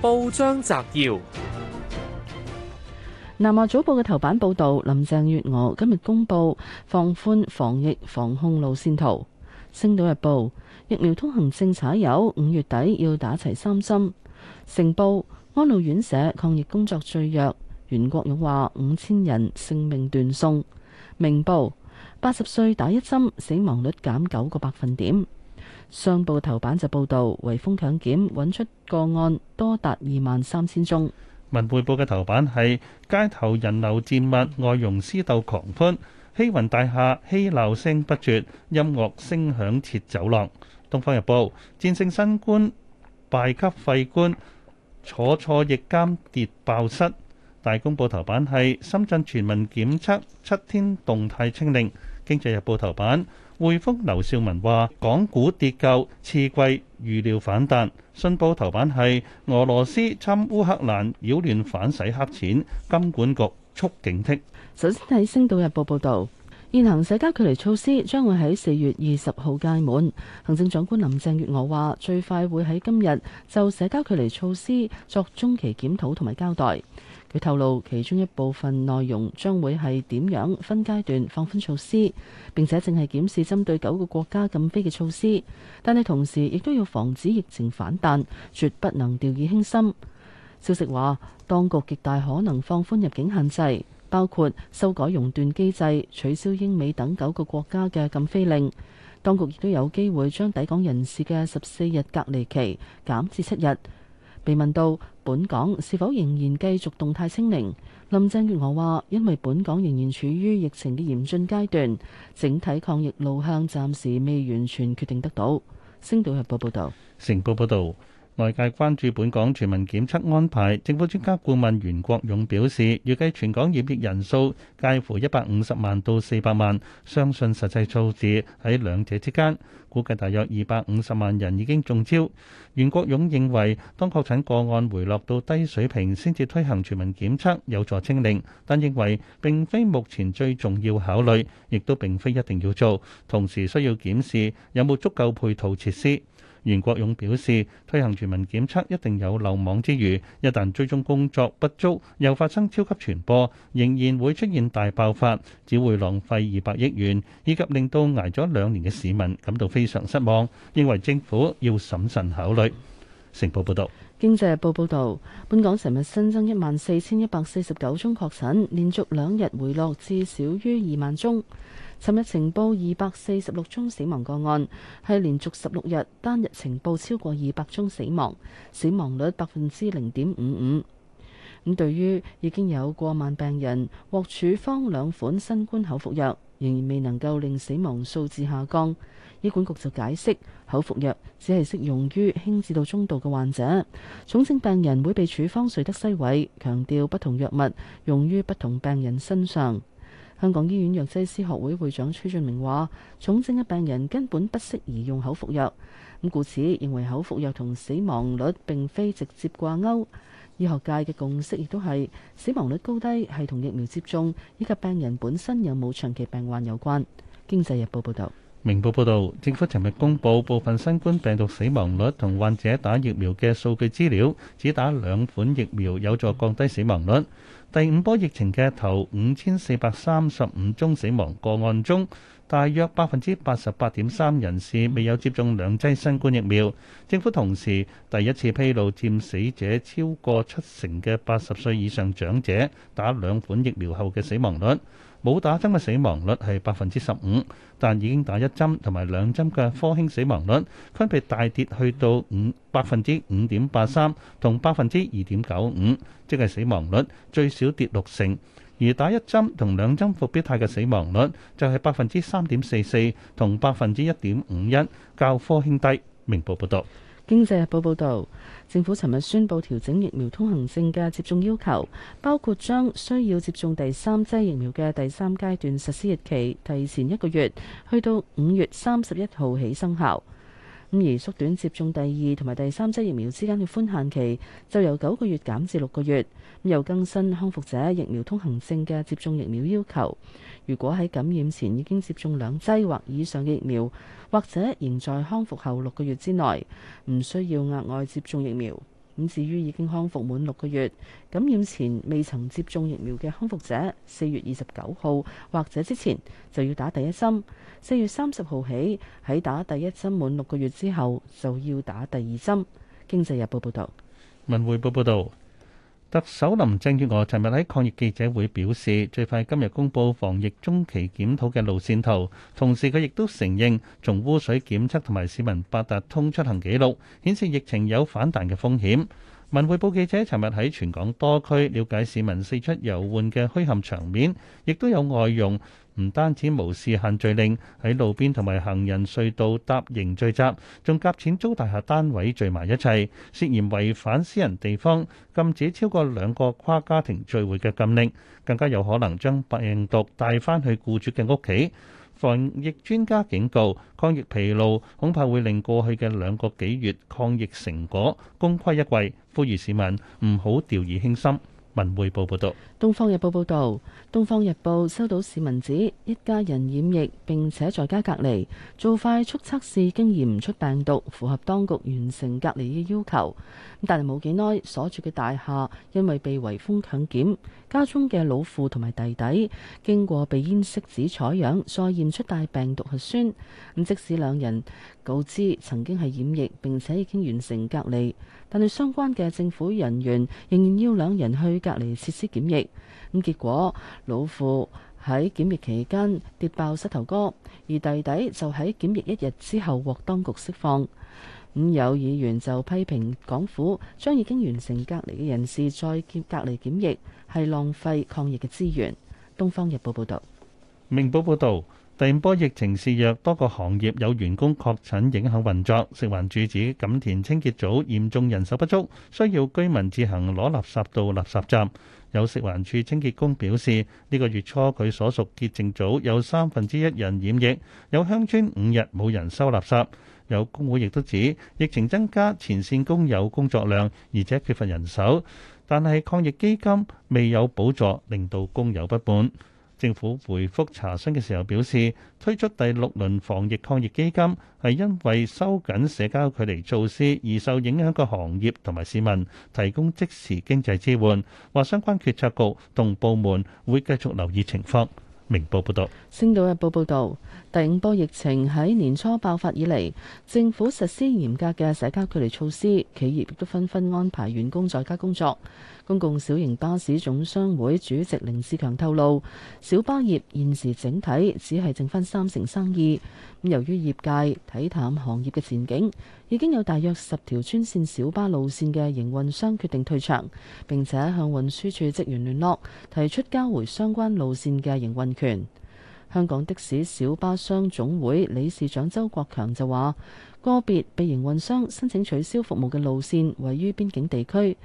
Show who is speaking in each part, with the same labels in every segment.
Speaker 1: 報章摘要：
Speaker 2: 南華早報嘅頭版報道，林鄭月娥今日公布放寬防疫防控路線圖。星島日報：疫苗通行證踩油，五月底要打齊三針。成報：安老院社抗疫工作最弱。袁國勇話：五千人性命斷送。明報：八十歲打一針，死亡率減九個百分點。上報頭版就報道，圍封強檢揾出個案多達二萬三千宗。
Speaker 1: 文匯報嘅頭版係街頭人流漸密，外傭私鬥狂歡，希雲大廈嬉鬧聲不絕，音樂聲響徹走廊。《東方日報》戰勝新冠，敗給廢官，坐錯亦監跌爆失。大公報頭版係深圳全民檢測，七天動態清零。《經濟日報》頭版。匯豐劉少文話：港股跌夠，次季預料反彈。信報頭版係俄羅斯侵烏克蘭擾亂反洗黑錢，金管局促警惕。首先睇
Speaker 2: 《星島日報》報道，現行社交距離措施將會喺四月二十號屆滿。行政長官林鄭月娥話，最快會喺今日就社交距離措施作中期檢討同埋交代。佢透露，其中一部分內容將會係點樣分階段放寬措施，並且正係檢視針對九個國家禁飛嘅措施。但係同時亦都要防止疫情反彈，絕不能掉以輕心。消息話，當局極大可能放寬入境限制，包括修改熔斷機制、取消英美等九個國家嘅禁飛令。當局亦都有機會將抵港人士嘅十四日隔離期減至七日。被問到本港是否仍然繼續動態清零，林鄭月娥話：因為本港仍然處於疫情嘅嚴峻階段，整體抗疫路向暫時未完全決定得到。星島日報
Speaker 1: 報道。外界關注本港全民檢測安排，政府專家顧問袁國勇表示，預計全港染疫人數介乎一百五十萬到四百萬，相信實際數字喺兩者之間，估計大約二百五十萬人已經中招。袁國勇認為，當確診個案回落到低水平先至推行全民檢測，有助清零，但認為並非目前最重要考慮，亦都並非一定要做，同時需要檢視有冇足夠配套設施。袁國勇表示，推行全民檢測一定有漏網之魚，一旦追蹤工作不足，又發生超級傳播，仍然會出現大爆發，只會浪費二百億元，以及令到捱咗兩年嘅市民感到非常失望，認為政府要審慎考慮。成報報導，
Speaker 2: 經濟日報報導，本港全日新增一萬四千一百四十九宗確診，連續兩日回落至少於二萬宗。尋日呈報二百四十六宗死亡個案，係連續十六日單日呈報超過二百宗死亡，死亡率百分之零點五五。咁、嗯、對於已經有過萬病人獲處方兩款新冠口服藥，仍然未能夠令死亡數字下降，醫管局就解釋口服藥只係適用於輕至到中度嘅患者，重症病人會被處方瑞德西韋，強調不同藥物用於不同病人身上。香港醫院藥劑師學會會長崔俊明話，重症嘅病人根本不適宜用口服藥，咁故此認為口服藥同死亡率並非直接掛鉤。醫學界嘅共識亦都係，死亡率高低係同疫苗接種以及病人本身有冇長期病患有關。經濟日報報道。
Speaker 1: 明報報導，政府尋日公佈部分新冠病毒死亡率同患者打疫苗嘅數據資料，指打兩款疫苗有助降低死亡率。第五波疫情嘅頭五千四百三十五宗死亡個案中，大約百分之八十八點三人士未有接種兩劑新冠疫苗。政府同時第一次披露佔死者超過七成嘅八十歲以上長者打兩款疫苗後嘅死亡率。冇打針嘅死亡率係百分之十五，但已經打一針同埋兩針嘅科興死亡率分別大跌去到五百分之五點八三同百分之二點九五，即係死亡率最少跌六成。而打一針同兩針復必泰嘅死亡率就係百分之三點四四同百分之一點五一，較科興低。明報報道。
Speaker 2: 經濟日報報導，政府尋日宣布調整疫苗通行證嘅接種要求，包括將需要接種第三劑疫苗嘅第三階段實施日期提前一個月，去到五月三十一號起生效。咁而縮短接種第二同埋第三劑疫苗之間嘅寬限期，就由九個月減至六個月。又更新康復者疫苗通行證嘅接種疫苗要求。如果喺感染前已經接種兩劑或以上嘅疫苗，或者仍在康復後六個月之內，唔需要額外接種疫苗。咁至於已經康復滿六個月、感染前未曾接種疫苗嘅康復者，四月二十九號或者之前就要打第一針。四月三十號起，喺打第一針滿六個月之後，就要打第二針。經濟日報報道。
Speaker 1: 文匯報報道。特首林鄭月娥尋日喺抗疫記者會表示，最快今日公布防疫中期檢討嘅路線圖。同時，佢亦都承認，從污水檢測同埋市民八達通出行記錄顯示，疫情有反彈嘅風險。文匯報記者尋日喺全港多區了解市民四出遊玩嘅墟冚場面，亦都有外傭。唔單止無視限聚令喺路邊同埋行人隧道搭營聚集，仲夾錢租大廈單位聚埋一齊，涉嫌違反私人地方禁止超過兩個跨家庭聚會嘅禁令，更加有可能將病毒帶翻去雇主嘅屋企。防疫專家警告，抗疫疲勞恐怕會令過去嘅兩個幾月抗疫成果功虧一簣，呼籲市民唔好掉以輕心。文匯報報道，東報報
Speaker 2: 道《東方日報》報道，《東方日報》收到市民指一家人染疫，並且在家隔離，做快速測試經驗唔出病毒，符合當局完成隔離嘅要求。但係冇幾耐，所住嘅大廈因為被圍封強檢。家中嘅老父同埋弟弟，經過鼻咽拭子採樣，再驗出帶病毒核酸。咁即使兩人告知曾經係染疫並且已經完成隔離，但係相關嘅政府人員仍然要兩人去隔離設施檢疫。咁結果老父喺檢疫期間跌爆膝頭哥，而弟弟就喺檢疫一日之後獲當局釋放。五有議員就批評港府將已經完成隔離嘅人士再檢隔離檢疫，係浪費抗疫嘅資源。《東方日報》報道。
Speaker 1: 《明報》報道，第五波疫情肆虐，多個行業有員工確診，影響運作，食環署指錦田清潔組嚴重人手不足，需要居民自行攞垃圾到垃圾站。有食環署清潔工表示，呢個月初佢所屬潔淨組有三分之一人染疫，有鄉村五日冇人收垃圾。有工會亦都指疫情增加前線工友工作量，而且缺乏人手，但係抗疫基金未有補助，令到工友不滿，政府回覆查詢嘅時候表示，推出第六輪防疫抗疫基金係因為收緊社交距離措施而受影響嘅行業同埋市民，提供即時經濟支援。話相關決策局同部門會繼續留意情況。明報報導，
Speaker 2: 《星島日報》報道，第五波疫情喺年初爆發以嚟，政府實施嚴格嘅社交距離措施，企業亦都紛紛安排員工在家工作。公共小型巴士總商會主席凌志強透露，小巴業現時整體只係剩翻三成生意。由於業界睇淡行業嘅前景，已經有大約十條專線小巴路線嘅營運商決定退場，並且向運輸署職員聯絡，提出交回相關路線嘅營運權。香港的士小巴商總會理事長周國強就話：個別被營運商申請取消服務嘅路線位於邊境地區，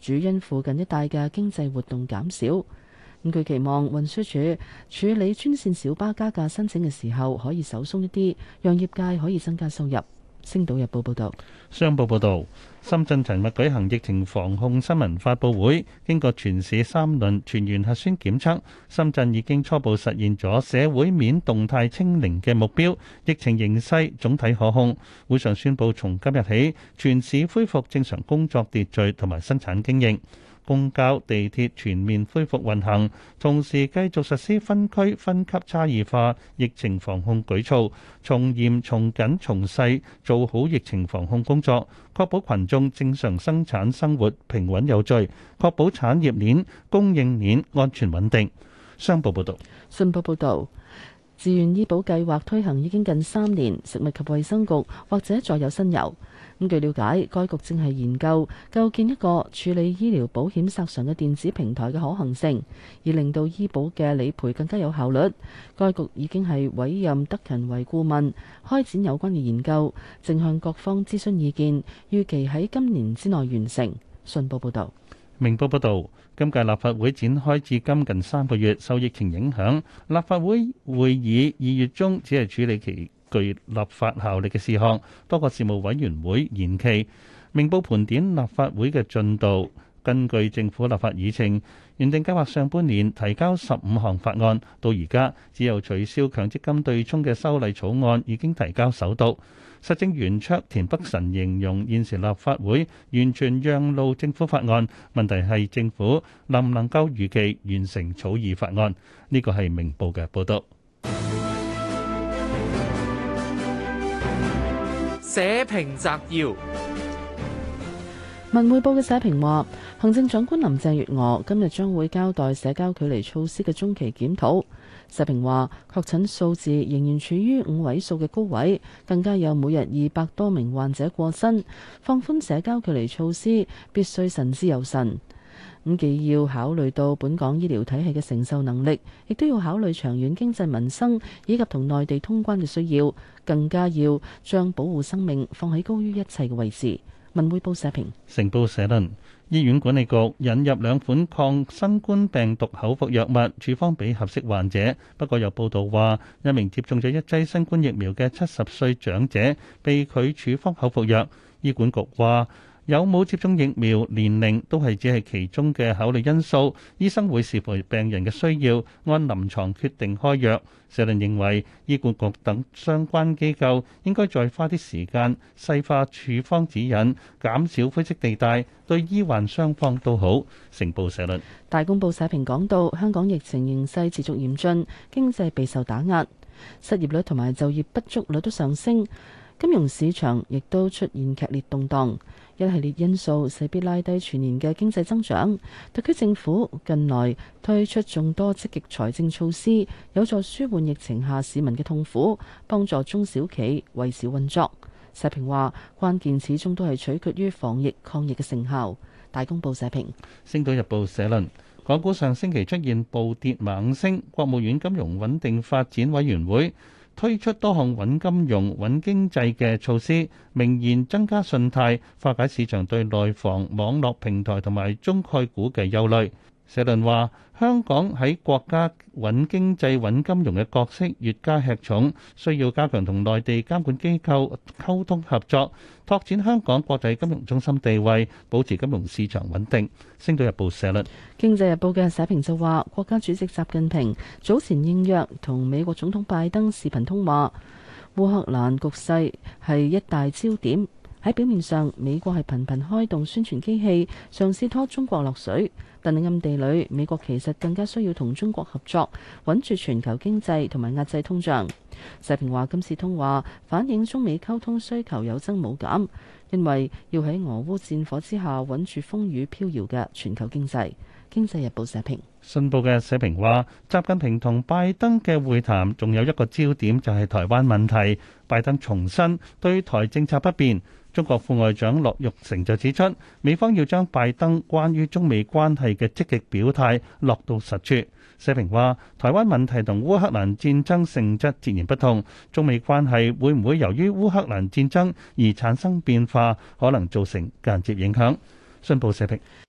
Speaker 2: 主因附近一帶嘅經濟活動減少。咁、嗯、佢期望運輸署處理專線小巴加價申請嘅時候可以手鬆一啲，讓業界可以增加收入。星島日報報道，
Speaker 1: 商報報道，深圳尋日舉行疫情防控新聞發佈會。經過全市三輪全員核酸檢測，深圳已經初步實現咗社會面動態清零嘅目標，疫情形勢總體可控。會上宣佈，從今日起，全市恢復正常工作秩序同埋生產經營。公交、地鐵全面恢復運行，同時繼續實施分區、分級、差異化疫情防控舉措，從嚴、從緊、從細做好疫情防控工作，確保群眾正常生產生活平穩有序，確保產業鏈、供應鏈安全穩定。商報報道。
Speaker 2: 信報報導。自願醫保計劃推行已經近三年，食物及衛生局或者再有新猷咁。據了解，該局正係研究構建一個處理醫療保險索償嘅電子平台嘅可行性，而令到醫保嘅理賠更加有效率。該局已經係委任德勤為顧問，開展有關嘅研究，正向各方諮詢意見，預期喺今年之內完成。信報報道。
Speaker 1: 明報報道，今屆立法會展開至今近三個月，受疫情影響，立法會會議二月中只係處理其具立法效力嘅事項，多個事務委員會延期。明報盤點立法會嘅進度。根據政府立法議程，原定計劃上半年提交十五項法案，到而家只有取消強積金對沖嘅修例草案已經提交首讀。實政圓桌田北辰形容現時立法會完全讓路政府法案，問題係政府能唔能夠如期完成草擬法案？呢個係明報嘅報導。社評摘要。
Speaker 2: 文匯報嘅社評話，行政長官林鄭月娥今日將會交代社交距離措施嘅中期檢討。社評話，確診數字仍然處於五位數嘅高位，更加有每日二百多名患者過身。放寬社交距離措施必須慎之又慎。咁既要考慮到本港醫療體系嘅承受能力，亦都要考慮長遠經濟民生以及同內地通關嘅需要，更加要將保護生命放喺高於一切嘅位置。文匯報社評：
Speaker 1: 成報社論，醫院管理局引入兩款抗新冠病毒口服藥物，處方俾合適患者。不過有報道話，一名接種咗一劑新冠疫苗嘅七十歲長者被拒處方口服藥。醫管局話。有冇接種疫苗、年齡都係只係其中嘅考慮因素。醫生會視乎病人嘅需要，按臨牀決定開藥。社論認為醫管局等相關機構應該再花啲時間細化處方指引，減少灰色地帶，對醫患雙方都好。成報社論。
Speaker 2: 大公報社評講到，香港疫情形勢持續嚴峻，經濟備受打壓，失業率同埋就業不足率都上升。金融市場亦都出現劇烈動盪，一系列因素勢必拉低全年嘅經濟增長。特區政府近來推出眾多積極財政措施，有助舒緩疫情下市民嘅痛苦，幫助中小企維持運作。社評話：關鍵始終都係取決於防疫抗疫嘅成效。大公報社評，
Speaker 1: 《星島日報》社論：港股上星期出現暴跌猛升，國務院金融穩定發展委員會。推出多項穩金融、穩經濟嘅措施，明顯增加信貸，化解市場對內房、網絡平台同埋中概股嘅憂慮。社論話，香港喺國家穩經濟、穩金融嘅角色越加吃重，需要加強同內地監管機構溝通合作，拓展香港國際金融中心地位，保持金融市場穩定。《星島日報》社論，
Speaker 2: 《經濟日報》嘅社評就話，國家主席習近平早前應約同美國總統拜登視頻通話，烏克蘭局勢係一大焦點。喺表面上，美國係頻頻開動宣傳機器，嘗試拖中國落水，但喺暗地裏，美國其實更加需要同中國合作，穩住全球經濟同埋壓制通脹。社評話今次通話反映中美溝通需求有增冇減，認為要喺俄烏戰火之下穩住風雨飄搖嘅全球經濟。經濟日報社評。
Speaker 1: 信報嘅社評話，習近平同拜登嘅會談仲有一個焦點就係台灣問題，拜登重申對台政策不變。中國副外長樂玉成就指出，美方要將拜登關於中美關係嘅積極表態落到實處。社評話，台灣問題同烏克蘭戰爭性質截然不同，中美關係會唔會由於烏克蘭戰爭而產生變化，可能造成間接影響。信報社評。